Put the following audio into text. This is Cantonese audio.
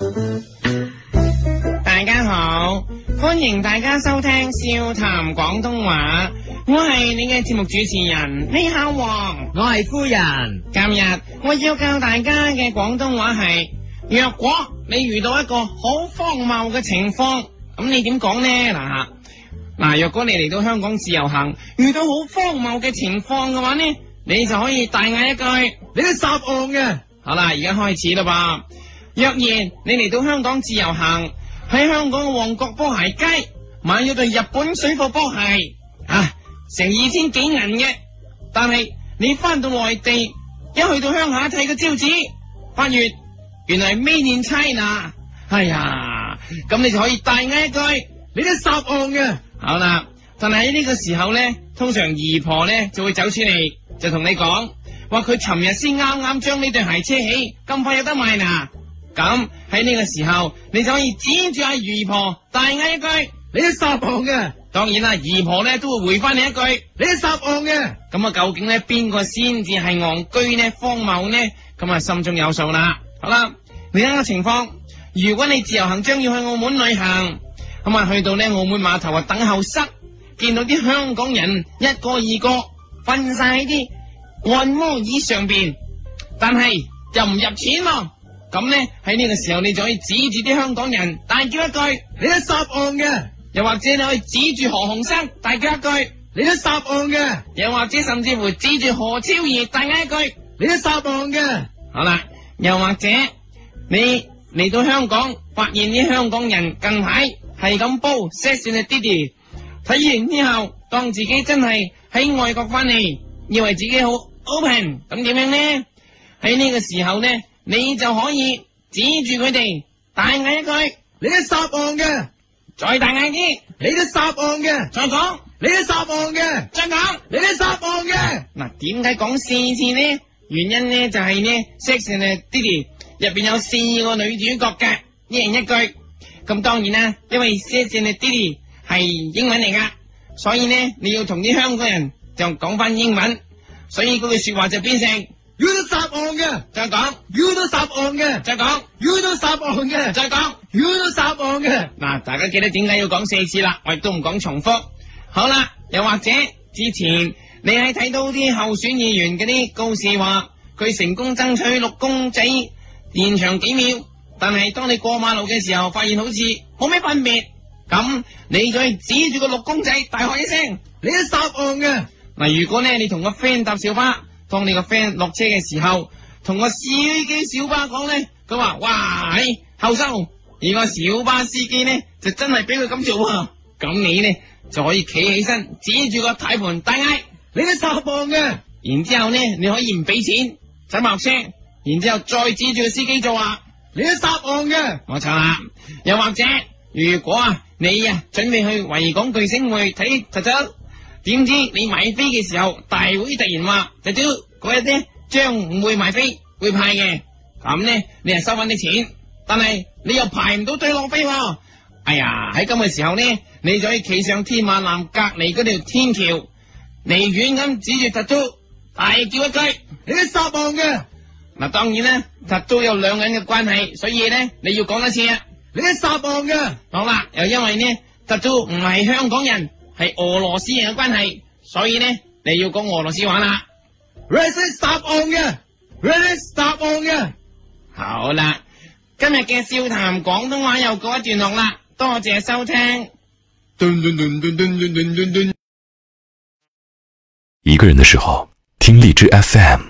啊、大家好，歡迎大家收聽笑談廣東話，我係你嘅節目主持人李孝旺，我係夫人。今日我要教大家嘅廣東話係，若果你遇到一個好荒謬嘅情況，咁你點講呢？嗱吓，嗱若果你嚟到香港自由行，遇到好荒謬嘅情況嘅話呢，你就可以大嗌一句，你都烚戇架。好啦，而家開始啦噃。若然你嚟到香港自由行，喺香港旺角波鞋街買咗對日本水貨波鞋啊，成二千幾銀嘅。但係你翻到內地，一去到鄉下睇個招紙，發現原來係 Made in China，哎呀，咁你就可以大嗌一句你都烚戇㗎。好啦，但係喺呢個時候咧，通常姨婆咧就會走出嚟，就同你講，話佢尋日先啱啱將呢對鞋車起，咁快有得賣嗱。咁喺呢個時候，你就可以指住阿姨婆大嗌一句：你都烚戇架。當然啦，姨婆咧都會回翻你一句：你都烚戇架。咁啊，究竟咧邊個先至係戇居呢？方某呢？咁啊心中有數啦。好啦，另一個情況，如果你自由行將要去澳門旅行，咁啊去到呢澳門碼頭啊等候室，見到啲香港人一個二個瞓晒喺啲按摩椅上邊，但係又唔入錢。咁咧，喺呢個時候，你就可以指住啲香港人，大叫一句：你都烚戇嘅；又或者你可以指住何鴻燊，大叫一句：你都烚戇嘅；又或者甚至乎指住何超儀，大嗌一句：你都烚戇嘅。好啦，又或者你嚟到香港，發現啲香港人近排係咁煲，Sex and the City，睇完之後，當自己真係喺外國翻嚟，以為自己好 open，咁點樣咧？喺呢個時候呢，你就可以指住佢哋大嗌一句：，你都烚戇嘅！再大嗌啲，你都烚戇嘅！再講說，你都烚戇嘅！再講說，你都烚戇嘅！嗱，點解講四次呢？原因呢就係呢《Sex and the City》入邊有四個女主角嘅，一人一句。咁當然啦，因為《Sex and the City》係英文嚟噶，所以呢你要同啲香港人就講翻英文，所以嗰句說話就變成。你都烚戇嘅，就係說講；你都烚戇嘅，就係說講；你都烚戇嘅，就係說講；你都烚戇嘅。嗱，大家記得點解要講四次啦？我亦都唔講重複。好啦，又或者之前你係睇到啲候選議員嗰啲告示話佢成功爭取六公仔延長幾秒，但係當你過馬路嘅時候發現好似冇咩分別，咁你再指住個六公仔大喊一聲，你都烚戇嘅。嗱，如果呢你同個 friend 搭小巴。當你個 friend 落車嘅時候，同個司機小巴講咧，佢話：哇，你後生，而個小巴司機咧就真係俾佢咁做。啊。咁你咧就可以企起身，指住個軚盤大嗌：你都烚戇㗎、啊。然之後咧，你可以唔俾錢，踩埋車。然之後再指住個司機就話：你都烚戇㗎、啊。冇錯啦。嗯、又或者，如果啊你啊準備去維港巨星會睇特首。點知你買飛嘅時候，大會突然話特租嗰日咧將唔會買飛，會派嘅咁呢，你係收翻啲錢，但係你又排唔到對落飛喎、哦。哎呀，喺咁嘅時候呢，你就可以企上天馬南隔籬嗰條天橋，離遠咁指住特租，大叫一句：你係烚戇嘅。嗱，當然咧，特租有兩人嘅關係，所以咧你要講多次啊，你係烚戇嘅。好啦，又因為呢，特租唔係香港人。係俄羅斯人嘅關係，所以呢，你要講俄羅斯話啦。Ready stop 嘅，Ready stop 嘅。 好啦，今日嘅笑談廣東話又告一段落啦，多謝收聽。 一個人嘅時候，聽荔枝 FM。